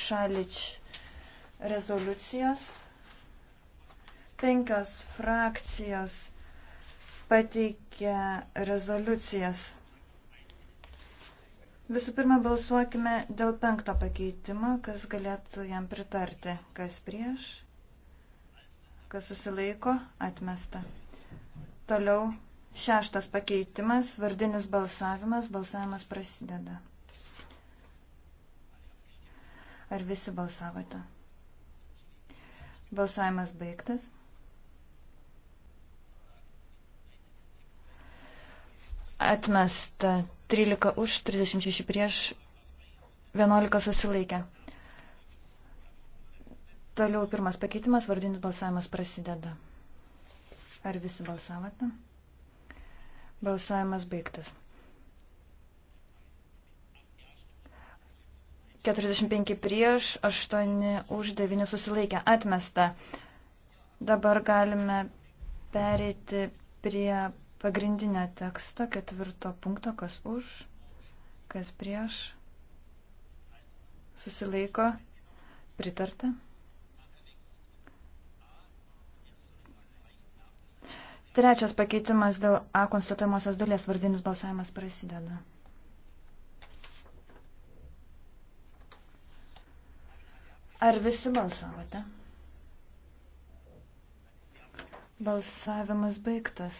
Šalič rezoliucijos. Penkios frakcijos pateikė rezoliucijas. Visų pirma, balsuokime dėl penkto pakeitimo, kas galėtų jam pritarti, kas prieš, kas susilaiko, atmesta. Toliau šeštas pakeitimas, vardinis balsavimas, balsavimas prasideda. Ar visi balsavote? Balsavimas baigtas. Atmesta 13 už, 36 prieš, 11 susilaikė. Toliau pirmas pakeitimas, vardinis balsavimas prasideda. Ar visi balsavote? Balsavimas baigtas. 45 prieš, 8 už 9 susilaikę atmesta. Dabar galime pereiti prie pagrindinio teksto, ketvirto punkto, kas už, kas prieš, susilaiko, pritarta. Trečias pakeitimas dėl A konstatuojamosios dalies vardinis balsavimas prasideda. Ar visi balsavote? Balsavimas baigtas.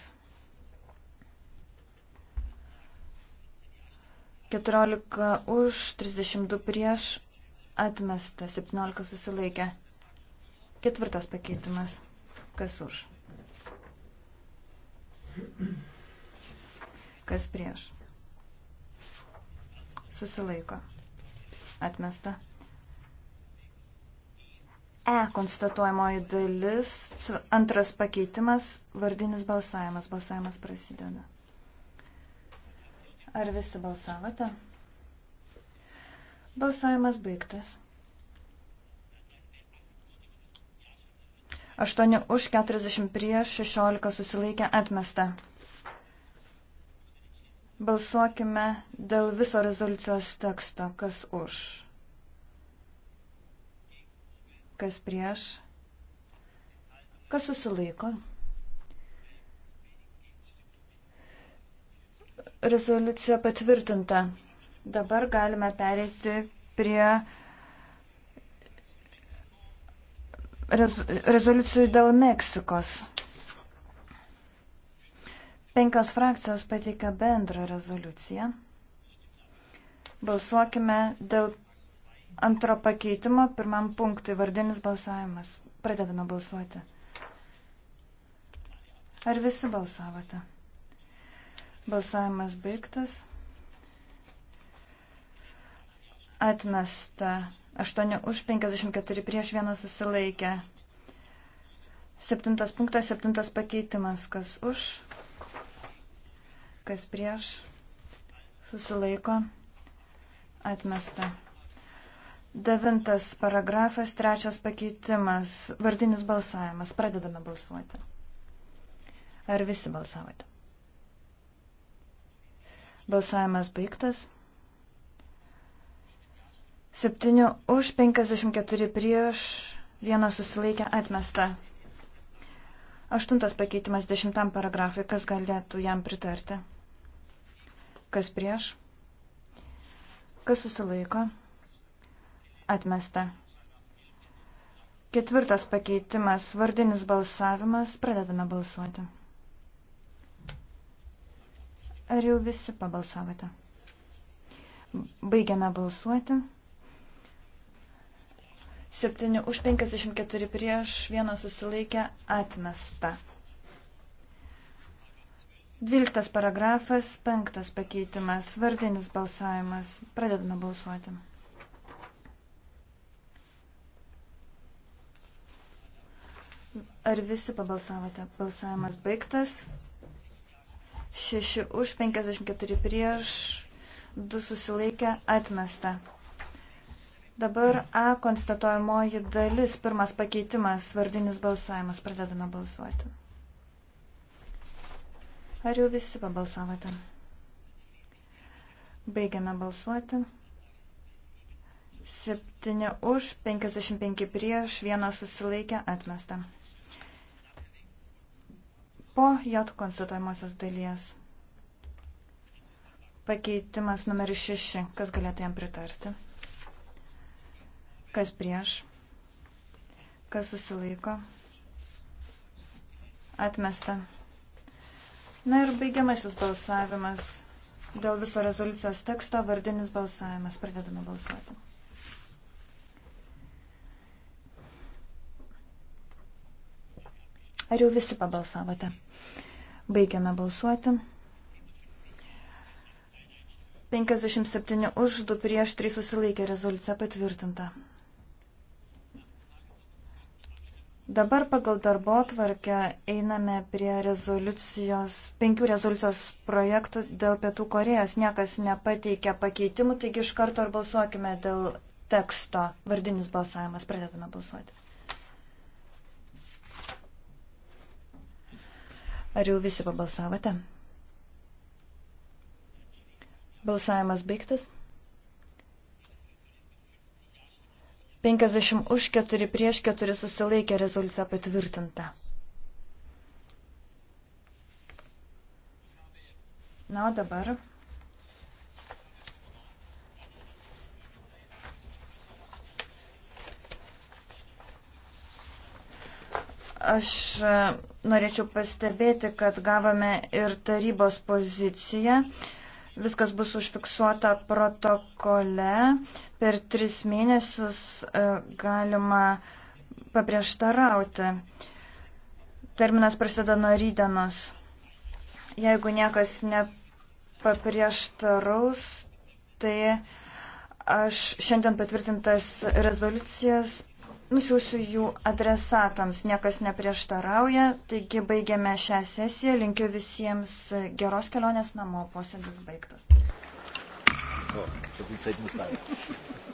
14 už, 32 prieš, atmesta, 17 susilaikė. Ketvirtas pakeitimas. Kas už? Kas prieš? Susilaiko. Atmesta. E konstatuojamoji dalis, antras pakeitimas, vardinis balsavimas. Balsavimas prasideda. Ar visi balsavote? Balsavimas baigtas. 8 už 40 prieš 16 susilaikė atmesta. Balsuokime dėl viso rezoliucijos teksto, kas už kas prieš, kas susilaiko. Rezoliucija patvirtinta. Dabar galime pereiti prie rezoliucijų dėl Meksikos. Penkios frakcijos pateikia bendrą rezoliuciją. Balsuokime dėl Antro pakeitimo pirmam punktui vardinis balsavimas. Pradedame balsuoti. Ar visi balsavote? Balsavimas baigtas. Atmesta. 8 už 54 prieš vieną susilaikę. Septintas punktas, septintas pakeitimas. Kas už, kas prieš, susilaiko, atmesta. Devintas paragrafas, trečias pakeitimas, vardinis balsavimas. Pradedame balsuoti. Ar visi balsavote? Balsavimas baigtas. 7 už 54 prieš, vienas susilaikė atmesta. Aštuntas pakeitimas dešimtam paragrafui, kas galėtų jam pritarti. Kas prieš? Kas susilaiko? Atmesta. Ketvirtas pakeitimas. Vardinis balsavimas. Pradedame balsuoti. Ar jau visi pabalsavote? Baigiame balsuoti. 7 už 54 prieš, vienas susilaikė atmesta. 12 paragrafas, 5 pakeitimas, vardinis balsavimas. Pradedame balsuoti. Ar visi pabalsavote? Balsavimas baigtas. 6 už, 54 prieš, 2 susilaikę, atmesta. Dabar A konstatuojamoji dalis, pirmas pakeitimas, vardinis balsavimas, pradedame balsuoti. Ar jau visi pabalsavote? Baigiame balsuoti. 7 už, 55 prieš, vieną susilaikę atmestą po J konstatuojamosios dalies. Pakeitimas numeris 6. Kas galėtų jam pritarti? Kas prieš? Kas susilaiko? Atmesta. Na ir baigiamasis balsavimas. Dėl viso rezoliucijos teksto vardinis balsavimas. Pradedame balsuoti. Ar jau visi pabalsavote? Baigiame balsuoti. 57 už, 2 prieš, 3 susilaikė rezoliucija patvirtinta. Dabar pagal darbo tvarkę einame prie rezoliucijos, penkių rezoliucijos projektų dėl Pietų Korejos. Niekas nepateikia pakeitimų, taigi iš karto ar balsuokime dėl teksto. Vardinis balsavimas. Pradedame balsuoti. Ar jau visi pabalsavote? Balsavimas baigtas. 50 už 4 prieš 4 susilaikė rezoliucija patvirtinta. Na, o dabar Aš e, norėčiau pastebėti, kad gavome ir tarybos poziciją. Viskas bus užfiksuota protokole. Per tris mėnesius e, galima paprieštarauti. Terminas prasideda nuo rydienos. Jeigu niekas nepaprieštaraus, tai aš šiandien patvirtintas rezoliucijas nusiųsiu jų adresatams. Niekas neprieštarauja, taigi baigiame šią sesiją. Linkiu visiems geros kelionės namo, posėdis baigtas. So, so viel Zeit muss sein.